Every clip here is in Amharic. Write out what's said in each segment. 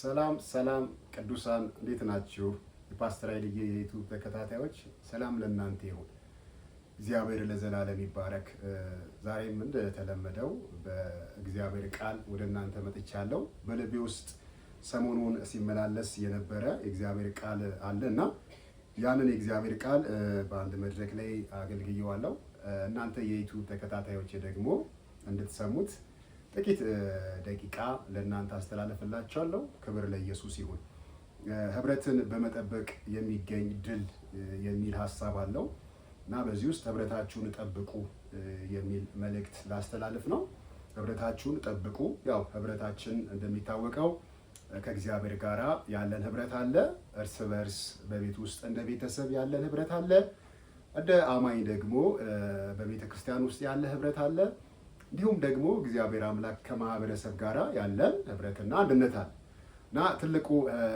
ሰላም ሰላም ቅዱሳን እንዴት ናችሁ? የፓስተር ኃይልዬ የዩቱብ ተከታታዮች ሰላም ለእናንተ ይሁን። እግዚአብሔር ለዘላለም ይባረክ። ዛሬም እንደተለመደው በእግዚአብሔር ቃል ወደ እናንተ መጥቻለሁ። በልቤ ውስጥ ሰሞኑን ሲመላለስ የነበረ የእግዚአብሔር ቃል አለ እና ያንን የእግዚአብሔር ቃል በአንድ መድረክ ላይ አገልግየዋለሁ። እናንተ የዩቱብ ተከታታዮች ደግሞ እንድትሰሙት ጥቂት ደቂቃ ለእናንተ አስተላለፍላችኋለሁ። ክብር ለኢየሱስ ይሁን። ህብረትን በመጠበቅ የሚገኝ ድል የሚል ሀሳብ አለው እና በዚህ ውስጥ ህብረታችሁን ጠብቁ የሚል መልእክት ላስተላልፍ ነው። ህብረታችሁን ጠብቁ። ያው ህብረታችን እንደሚታወቀው ከእግዚአብሔር ጋራ ያለን ህብረት አለ። እርስ በእርስ በቤት ውስጥ እንደ ቤተሰብ ያለን ህብረት አለ። እንደ አማኝ ደግሞ በቤተ ክርስቲያን ውስጥ ያለ ህብረት አለ። እንዲሁም ደግሞ እግዚአብሔር አምላክ ከማህበረሰብ ጋር ያለን ህብረትና አንድነት አለ እና ትልቁ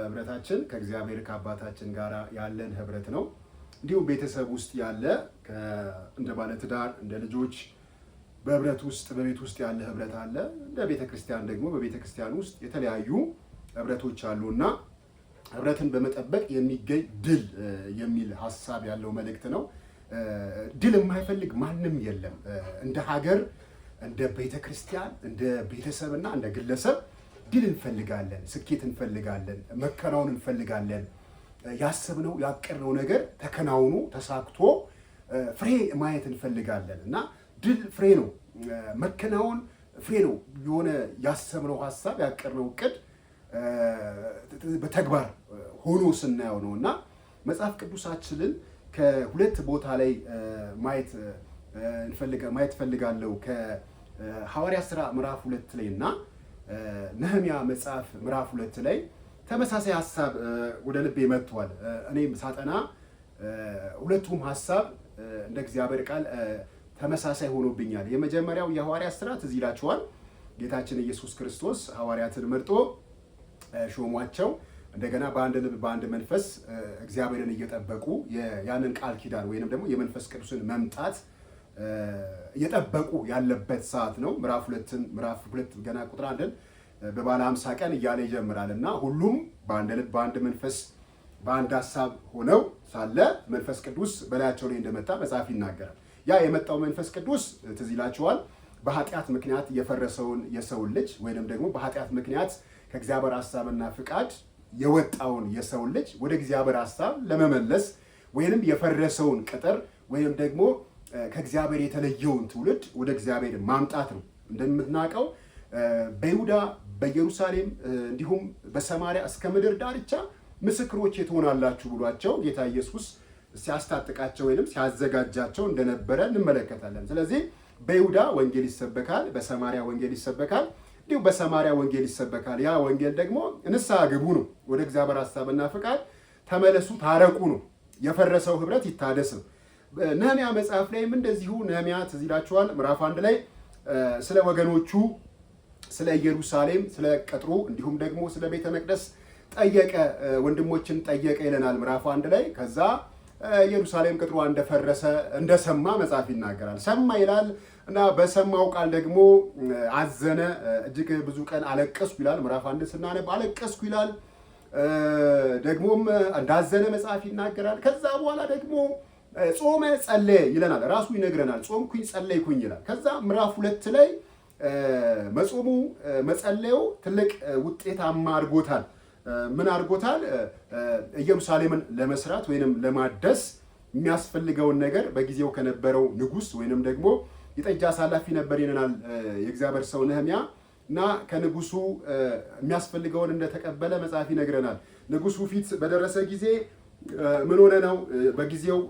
ህብረታችን ከእግዚአብሔር ከአባታችን ጋር ያለን ህብረት ነው። እንዲሁም ቤተሰብ ውስጥ ያለ እንደ ባለትዳር እንደ ልጆች በህብረት ውስጥ በቤት ውስጥ ያለ ህብረት አለ። እንደ ቤተ ክርስቲያን ደግሞ በቤተ ክርስቲያን ውስጥ የተለያዩ ህብረቶች አሉና ህብረትን በመጠበቅ የሚገኝ ድል የሚል ሀሳብ ያለው መልእክት ነው። ድል የማይፈልግ ማንም የለም እንደ ሀገር እንደ ቤተ ክርስቲያን እንደ ቤተሰብና እንደ ግለሰብ ድል እንፈልጋለን፣ ስኬት እንፈልጋለን፣ መከናወን እንፈልጋለን። ያሰብነው ያቀርነው ነገር ተከናውኖ ተሳክቶ ፍሬ ማየት እንፈልጋለን እና ድል ፍሬ ነው፣ መከናወን ፍሬ ነው። የሆነ ያሰብነው ሀሳብ ያቀርነው እቅድ በተግባር ሆኖ ስናየው ነው እና መጽሐፍ ቅዱሳችንን ከሁለት ቦታ ላይ ማየት ማየት እፈልጋለሁ። ሐዋርያ ሥራ ምዕራፍ ሁለት ላይ እና ነህሚያ መጽሐፍ ምዕራፍ ሁለት ላይ ተመሳሳይ ሀሳብ ወደ ልቤ መጥቷል። እኔም ሳጠና ሁለቱም ሀሳብ እንደ እግዚአብሔር ቃል ተመሳሳይ ሆኖብኛል። የመጀመሪያው የሐዋርያ ሥራ ትዝ ይላችኋል። ጌታችን ኢየሱስ ክርስቶስ ሐዋርያትን መርጦ ሾሟቸው። እንደገና በአንድ ልብ በአንድ መንፈስ እግዚአብሔርን እየጠበቁ ያንን ቃል ኪዳን ወይንም ደግሞ የመንፈስ ቅዱስን መምጣት እየጠበቁ ያለበት ሰዓት ነው። ምዕራፍ ሁለትን ምዕራፍ ሁለት ገና ቁጥር አንድን በባለ ሀምሳ ቀን እያለ ይጀምራል እና ሁሉም በአንድ ልብ በአንድ መንፈስ በአንድ ሀሳብ ሆነው ሳለ መንፈስ ቅዱስ በላያቸው ላይ እንደመጣ መጽሐፍ ይናገራል። ያ የመጣው መንፈስ ቅዱስ ትዝ ይላችኋል፣ በኃጢአት ምክንያት የፈረሰውን የሰውን ልጅ ወይንም ደግሞ በኃጢአት ምክንያት ከእግዚአብሔር ሀሳብና ፍቃድ የወጣውን የሰውን ልጅ ወደ እግዚአብሔር ሀሳብ ለመመለስ ወይንም የፈረሰውን ቅጥር ወይንም ደግሞ ከእግዚአብሔር የተለየውን ትውልድ ወደ እግዚአብሔር ማምጣት ነው። እንደምናውቀው በይሁዳ በኢየሩሳሌም እንዲሁም በሰማሪያ እስከ ምድር ዳርቻ ምስክሮቼ ትሆናላችሁ ብሏቸው ጌታ ኢየሱስ ሲያስታጥቃቸው ወይም ሲያዘጋጃቸው እንደነበረ እንመለከታለን። ስለዚህ በይሁዳ ወንጌል ይሰበካል፣ በሰማሪያ ወንጌል ይሰበካል፣ እንዲሁም በሰማሪያ ወንጌል ይሰበካል። ያ ወንጌል ደግሞ ንስሐ ግቡ ነው፣ ወደ እግዚአብሔር ሀሳብና ፍቃድ ተመለሱ፣ ታረቁ ነው። የፈረሰው ህብረት ይታደስ ነው። ነህሚያ መጽሐፍ ላይም እንደዚሁ ነህሚያ ትዝ ይላችኋል ምዕራፍ አንድ ላይ ስለ ወገኖቹ ስለ ኢየሩሳሌም ስለ ቀጥሩ እንዲሁም ደግሞ ስለ ቤተ መቅደስ ጠየቀ ወንድሞችን ጠየቀ ይለናል ምዕራፍ አንድ ላይ ከዛ ኢየሩሳሌም ቅጥሯ እንደፈረሰ እንደሰማ መጽሐፍ ይናገራል ሰማ ይላል እና በሰማው ቃል ደግሞ አዘነ እጅግ ብዙ ቀን አለቀስኩ ይላል ምዕራፍ አንድ ስናነብ አለቀስኩ ይላል ደግሞም እንዳዘነ መጽሐፍ ይናገራል ከዛ በኋላ ደግሞ ጾመ ጸለየ ይለናል። ራሱ ይነግረናል። ጾምኩኝ ጸለይኩኝ ይላል። ከዛ ምዕራፍ ሁለት ላይ መጾሙ መጸለዩ ትልቅ ውጤታማ አድርጎታል። ምን አድርጎታል? ኢየሩሳሌምን ለመስራት ወይንም ለማደስ የሚያስፈልገውን ነገር በጊዜው ከነበረው ንጉስ ወይንም ደግሞ የጠጅ አሳላፊ ነበር ይለናል የእግዚአብሔር ሰው ነህሚያ እና ከንጉሱ የሚያስፈልገውን እንደተቀበለ መጽሐፍ ይነግረናል። ንጉሱ ፊት በደረሰ ጊዜ ምን ሆነ ነው በጊዜው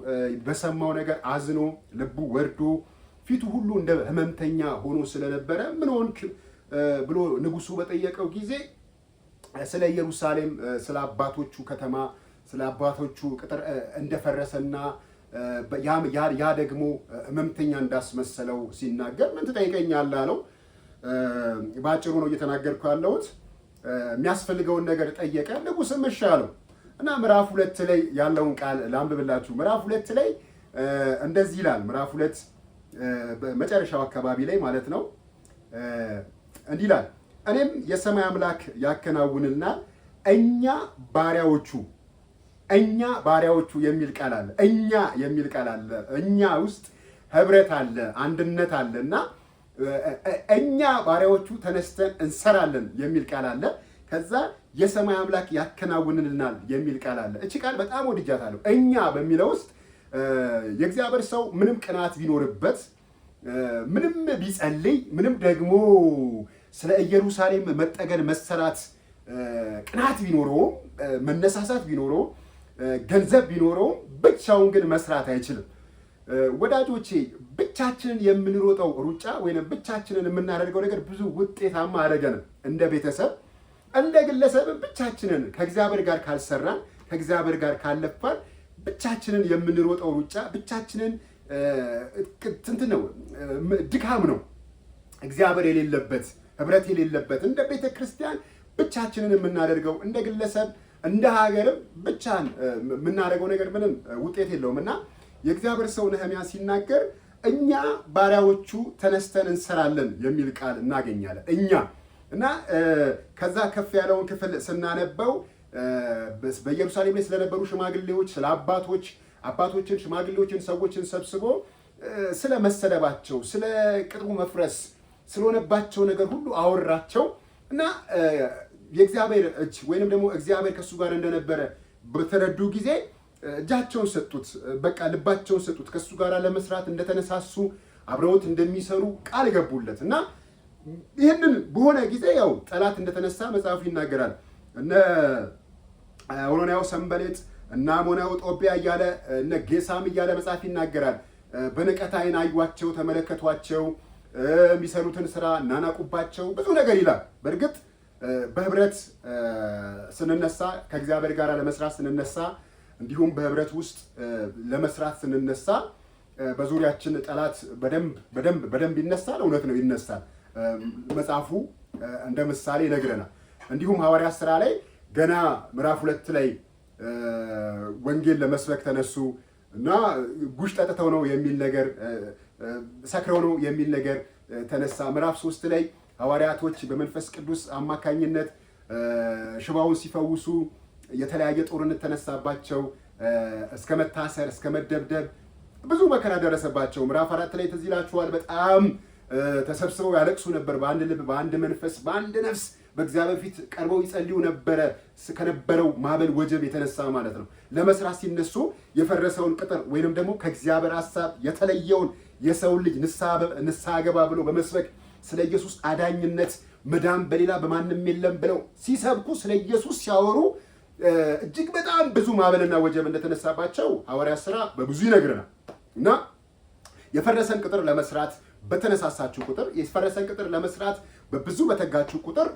በሰማው ነገር አዝኖ ልቡ ወርዶ ፊቱ ሁሉ እንደ ህመምተኛ ሆኖ ስለነበረ ምን ሆንክ ብሎ ንጉሱ በጠየቀው ጊዜ ስለ ኢየሩሳሌም፣ ስለ አባቶቹ ከተማ፣ ስለ አባቶቹ ቅጥር እንደፈረሰና ያ ደግሞ ህመምተኛ እንዳስመሰለው ሲናገር ምን ትጠይቀኛለህ አለው። በአጭሩ ነው እየተናገርኩ ያለሁት። የሚያስፈልገውን ነገር ጠየቀ። ንጉስም እሺ አለው። እና ምዕራፍ ሁለት ላይ ያለውን ቃል ላንብብላችሁ። ምዕራፍ ሁለት ላይ እንደዚህ ይላል። ምዕራፍ ሁለት መጨረሻው አካባቢ ላይ ማለት ነው። እንዲህ ይላል፣ እኔም የሰማይ አምላክ ያከናውንልና እኛ ባሪያዎቹ እኛ ባሪያዎቹ የሚል ቃል አለ። እኛ የሚል ቃል አለ። እኛ ውስጥ ህብረት አለ፣ አንድነት አለ እና እኛ ባሪያዎቹ ተነስተን እንሰራለን የሚል ቃል አለ ከዛ የሰማይ አምላክ ያከናውንልናል የሚል ቃል አለ። እቺ ቃል በጣም ወድጃታለሁ። እኛ በሚለው ውስጥ የእግዚአብሔር ሰው ምንም ቅናት ቢኖርበት ምንም ቢጸልይ ምንም ደግሞ ስለ ኢየሩሳሌም መጠገን መሰራት ቅናት ቢኖረውም መነሳሳት ቢኖረውም ገንዘብ ቢኖረውም ብቻውን ግን መስራት አይችልም። ወዳጆቼ ብቻችንን የምንሮጠው ሩጫ ወይም ብቻችንን የምናደርገው ነገር ብዙ ውጤታማ አደረገንም እንደ ቤተሰብ እንደ ግለሰብን ብቻችንን ከእግዚአብሔር ጋር ካልሰራን ከእግዚአብሔር ጋር ካልለፋን ብቻችንን የምንሮጠው ሩጫ ብቻችንን ትንት ነው፣ ድካም ነው። እግዚአብሔር የሌለበት ህብረት የሌለበት እንደ ቤተ ክርስቲያን ብቻችንን የምናደርገው እንደ ግለሰብ እንደ ሀገርም ብቻን የምናደርገው ነገር ምንም ውጤት የለውም እና የእግዚአብሔር ሰው ነህሚያ ሲናገር እኛ ባሪያዎቹ ተነስተን እንሰራለን የሚል ቃል እናገኛለን እኛ እና ከዛ ከፍ ያለውን ክፍል ስናነበው በኢየሩሳሌም ላይ ስለነበሩ ሽማግሌዎች፣ ስለ አባቶች አባቶችን፣ ሽማግሌዎችን፣ ሰዎችን ሰብስቦ ስለ መሰደባቸው፣ ስለ ቅጥሩ መፍረስ ስለሆነባቸው ነገር ሁሉ አወራቸው እና የእግዚአብሔር እጅ ወይንም ደግሞ እግዚአብሔር ከእሱ ጋር እንደነበረ በተረዱ ጊዜ እጃቸውን ሰጡት። በቃ ልባቸውን ሰጡት። ከእሱ ጋር ለመስራት እንደተነሳሱ አብረውት እንደሚሰሩ ቃል ገቡለት እና ይህንን በሆነ ጊዜ ያው ጠላት እንደተነሳ መጽሐፉ ይናገራል። እነ ኦሮናያው ሰንበሌጥ እና አሞናው ጦቢያ እያለ እነ ጌሳም እያለ መጽሐፍ ይናገራል። በንቀት ዓይን አዩዋቸው፣ ተመለከቷቸው፣ የሚሰሩትን ስራ እናናቁባቸው ብዙ ነገር ይላል። በእርግጥ በህብረት ስንነሳ ከእግዚአብሔር ጋር ለመስራት ስንነሳ፣ እንዲሁም በህብረት ውስጥ ለመስራት ስንነሳ በዙሪያችን ጠላት በደንብ በደንብ በደንብ ይነሳል። እውነት ነው ይነሳል። መጽሐፉ እንደ ምሳሌ ይነግረናል። እንዲሁም ሐዋርያት ሥራ ላይ ገና ምዕራፍ ሁለት ላይ ወንጌል ለመስበክ ተነሱ እና ጉሽ ጠጥተው ነው የሚል ነገር ሰክረው ነው የሚል ነገር ተነሳ። ምዕራፍ ሶስት ላይ ሐዋርያቶች በመንፈስ ቅዱስ አማካኝነት ሽባውን ሲፈውሱ የተለያየ ጦርነት ተነሳባቸው፣ እስከ መታሰር እስከ መደብደብ ብዙ መከራ ደረሰባቸው። ምዕራፍ አራት ላይ ተዚላችኋል በጣም ተሰብስበው ያለቅሱ ነበር። በአንድ ልብ፣ በአንድ መንፈስ፣ በአንድ ነፍስ በእግዚአብሔር ፊት ቀርበው ይጸልዩ ነበረ። ከነበረው ማዕበል ወጀብ የተነሳ ማለት ነው። ለመስራት ሲነሱ የፈረሰውን ቅጥር ወይንም ደግሞ ከእግዚአብሔር ሀሳብ የተለየውን የሰውን ልጅ ንስሐ ገባ ብሎ በመስበክ ስለ ኢየሱስ አዳኝነት መዳን በሌላ በማንም የለም ብለው ሲሰብኩ ስለ ኢየሱስ ሲያወሩ እጅግ በጣም ብዙ ማዕበልና ወጀብ እንደተነሳባቸው ሐዋርያ ሥራ በብዙ ይነግረናል እና የፈረሰን ቅጥር ለመስራት በተነሳሳችሁ ቁጥር የፈረሰን ቅጥር ለመስራት በብዙ በተጋችሁ ቁጥር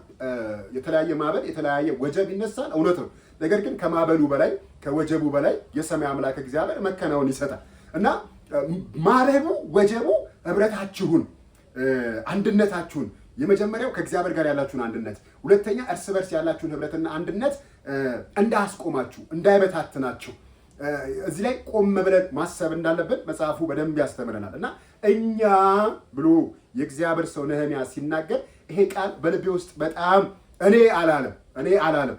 የተለያየ ማዕበል የተለያየ ወጀብ ይነሳል። እውነት ነው። ነገር ግን ከማዕበሉ በላይ ከወጀቡ በላይ የሰማይ አምላክ እግዚአብሔር መከናወን ይሰጣል እና ማረቡ ወጀቡ ህብረታችሁን፣ አንድነታችሁን የመጀመሪያው ከእግዚአብሔር ጋር ያላችሁን አንድነት፣ ሁለተኛ እርስ በርስ ያላችሁን ህብረትና አንድነት እንዳያስቆማችሁ እንዳይበታትናችሁ እዚህ ላይ ቆም ብለን ማሰብ እንዳለብን መጽሐፉ በደንብ ያስተምረናል እና እኛ ብሎ የእግዚአብሔር ሰው ነህሚያ ሲናገር ይሄ ቃል በልቤ ውስጥ በጣም እኔ አላለም እኔ አላለም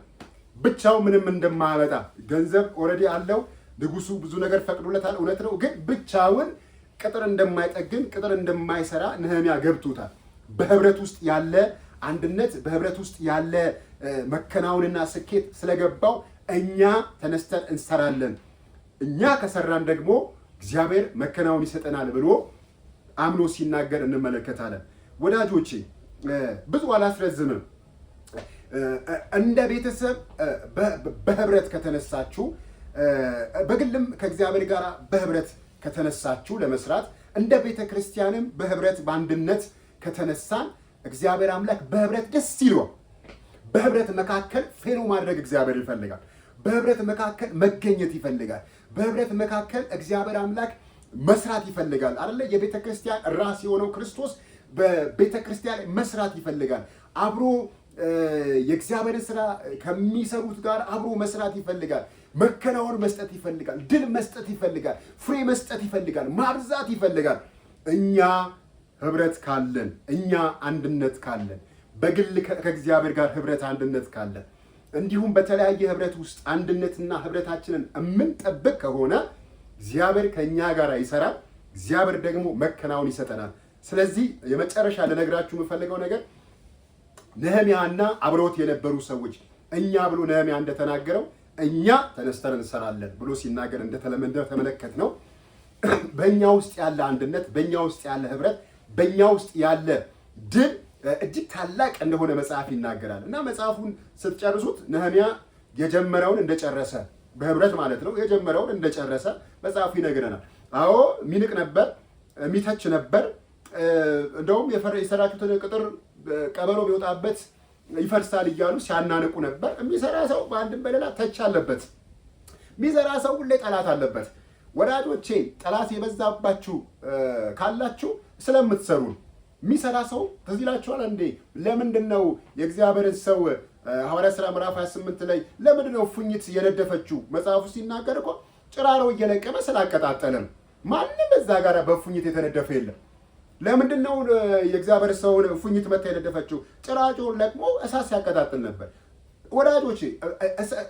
ብቻው ምንም እንደማያመጣ ገንዘብ ኦልሬዲ አለው ንጉሱ ብዙ ነገር ፈቅዶለታል። እውነት ነው፣ ግን ብቻውን ቅጥር እንደማይጠግን ቅጥር እንደማይሰራ ነህሚያ ገብቶታል። በህብረት ውስጥ ያለ አንድነት፣ በህብረት ውስጥ ያለ መከናወንና ስኬት ስለገባው እኛ ተነስተን እንሰራለን እኛ ከሰራን ደግሞ እግዚአብሔር መከናወን ይሰጠናል ብሎ አምኖ ሲናገር እንመለከታለን። ወዳጆቼ ብዙ አላስረዝምም። እንደ ቤተሰብ በህብረት ከተነሳችሁ፣ በግልም ከእግዚአብሔር ጋር በህብረት ከተነሳችሁ ለመስራት እንደ ቤተ ክርስቲያንም በህብረት በአንድነት ከተነሳን እግዚአብሔር አምላክ በህብረት ደስ ይለዋል። በህብረት መካከል ፌኖ ማድረግ እግዚአብሔር ይፈልጋል። በህብረት መካከል መገኘት ይፈልጋል። በህብረት መካከል እግዚአብሔር አምላክ መስራት ይፈልጋል አይደለ? የቤተ ክርስቲያን ራስ የሆነው ክርስቶስ በቤተ ክርስቲያን መስራት ይፈልጋል። አብሮ የእግዚአብሔርን ስራ ከሚሰሩት ጋር አብሮ መስራት ይፈልጋል። መከናወን መስጠት ይፈልጋል። ድል መስጠት ይፈልጋል። ፍሬ መስጠት ይፈልጋል። ማብዛት ይፈልጋል። እኛ ህብረት ካለን፣ እኛ አንድነት ካለን፣ በግል ከእግዚአብሔር ጋር ህብረት አንድነት ካለን እንዲሁም በተለያየ ህብረት ውስጥ አንድነትና ህብረታችንን የምንጠብቅ ከሆነ እግዚአብሔር ከእኛ ጋር ይሰራል። እግዚአብሔር ደግሞ መከናወን ይሰጠናል። ስለዚህ የመጨረሻ ልነግራችሁ የምፈልገው ነገር ነህሚያና አብረውት የነበሩ ሰዎች እኛ ብሎ ነህሚያ እንደተናገረው እኛ ተነስተን እንሰራለን ብሎ ሲናገር እንደተለመደ ተመለከት ነው። በእኛ ውስጥ ያለ አንድነት፣ በእኛ ውስጥ ያለ ህብረት፣ በእኛ ውስጥ ያለ ድል እጅግ ታላቅ እንደሆነ መጽሐፍ ይናገራል እና መጽሐፉን ስትጨርሱት ነህሚያ የጀመረውን እንደጨረሰ በህብረት ማለት ነው የጀመረውን እንደጨረሰ መጽሐፉ ይነግረናል። አዎ ሚንቅ ነበር፣ የሚተች ነበር። እንደውም የሰራችሁትን ቅጥር ቀበሮ ቢወጣበት ይፈርሳል እያሉ ሲያናንቁ ነበር። የሚሰራ ሰው በአንድም በሌላ ተች አለበት። የሚሰራ ሰው ሁሌ ጠላት አለበት። ወዳጆቼ ጠላት የበዛባችሁ ካላችሁ ስለምትሰሩን የሚሰራ ሰው ትዝ ይላችኋል እንዴ? ለምንድን ነው የእግዚአብሔርን ሰው ሐዋርያ ሥራ ምዕራፍ 28 ላይ ለምንድን ነው ፉኝት የነደፈችው? መጽሐፉ ሲናገር እኮ ጭራሮ እየለቀመ ስላቀጣጠለም ማንም እዛ ጋር በፉኝት የተነደፈ የለም። ለምንድን ነው የእግዚአብሔር ሰውን ፉኝት መታ የነደፈችው? ጭራጮውን ለቅሞ እሳት ሲያቀጣጥል ነበር። ወዳጆች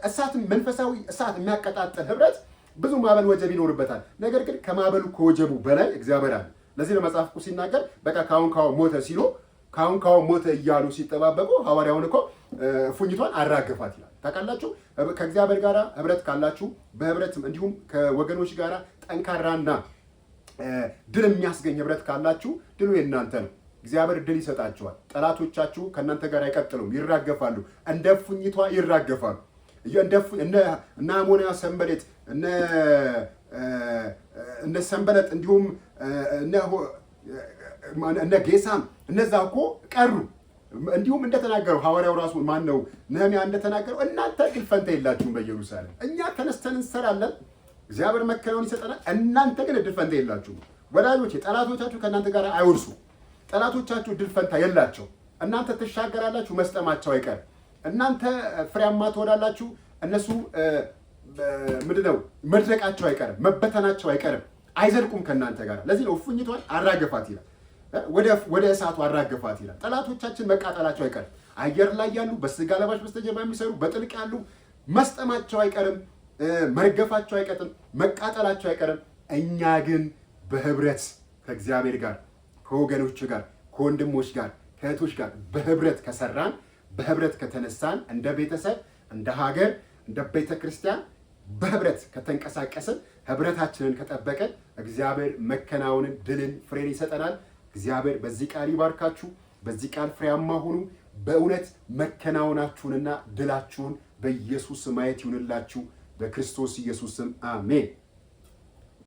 እሳት፣ መንፈሳዊ እሳት የሚያቀጣጥል ህብረት ብዙ ማዕበል ወጀብ ይኖርበታል። ነገር ግን ከማዕበሉ ከወጀቡ በላይ እግዚአብሔር አለ። ለዚህ ነው መጽሐፍ ቅዱስ ሲናገር በቃ ካሁን ካሁን ሞተ ሲሉ ካሁን ካሁን ሞተ እያሉ ሲጠባበቁ ሐዋርያውን እኮ እፉኝቷን አራገፋት ይላል። ታውቃላችሁ፣ ከእግዚአብሔር ጋር ህብረት ካላችሁ በህብረት እንዲሁም ከወገኖች ጋር ጠንካራና ድል የሚያስገኝ ህብረት ካላችሁ ድሉ የእናንተ ነው። እግዚአብሔር ድል ይሰጣችኋል። ጠላቶቻችሁ ከእናንተ ጋር አይቀጥሉም፣ ይራገፋሉ፣ እንደ እፉኝቷ ይራገፋሉ። እነ አሞንያ ሰንበሌት እነ እነ ሰንበለጥ እንዲሁም እነ ጌሳም እነዛ እኮ ቀሩ። እንዲሁም እንደተናገረው ሐዋርያው ራሱ ማን ነው ነህሚያ እንደተናገረው እናንተ ግን ፈንታ የላችሁም በኢየሩሳሌም። እኛ ተነስተን እንሰራለን፣ እግዚአብሔር መከናወን ይሰጠናል። እናንተ ግን እድል ፈንታ የላችሁም። ወዳጆቼ ጠላቶቻችሁ ከእናንተ ጋር አይወርሱ። ጠላቶቻችሁ እድል ፈንታ የላቸው። እናንተ ትሻገራላችሁ፣ መስጠማቸው አይቀር። እናንተ ፍሬያማ ትሆናላችሁ፣ እነሱ ምንድነው ነው መድረቃቸው አይቀርም፣ መበተናቸው አይቀርም። አይዘልቁም ከእናንተ ጋር። ለዚህ ነው እፉኝቷን አራገፋት ይላል፣ ወደ እሳቱ አራገፋት ይላል። ጠላቶቻችን መቃጠላቸው አይቀርም። አየር ላይ ያሉ በስጋ ለባሽ በስተጀርባ የሚሰሩ በጥልቅ ያሉ መስጠማቸው አይቀርም፣ መርገፋቸው አይቀርም፣ መቃጠላቸው አይቀርም። እኛ ግን በህብረት ከእግዚአብሔር ጋር ከወገኖች ጋር ከወንድሞች ጋር ከእህቶች ጋር በህብረት ከሰራን በህብረት ከተነሳን እንደ ቤተሰብ እንደ ሀገር እንደ ቤተ ክርስቲያን በህብረት ከተንቀሳቀስን ህብረታችንን ከጠበቀን እግዚአብሔር መከናወንን፣ ድልን፣ ፍሬን ይሰጠናል። እግዚአብሔር በዚህ ቃል ይባርካችሁ፣ በዚህ ቃል ፍሬያማ ሁኑ። በእውነት መከናወናችሁንና ድላችሁን በኢየሱስ ማየት ይሁንላችሁ። በክርስቶስ ኢየሱስም አሜን።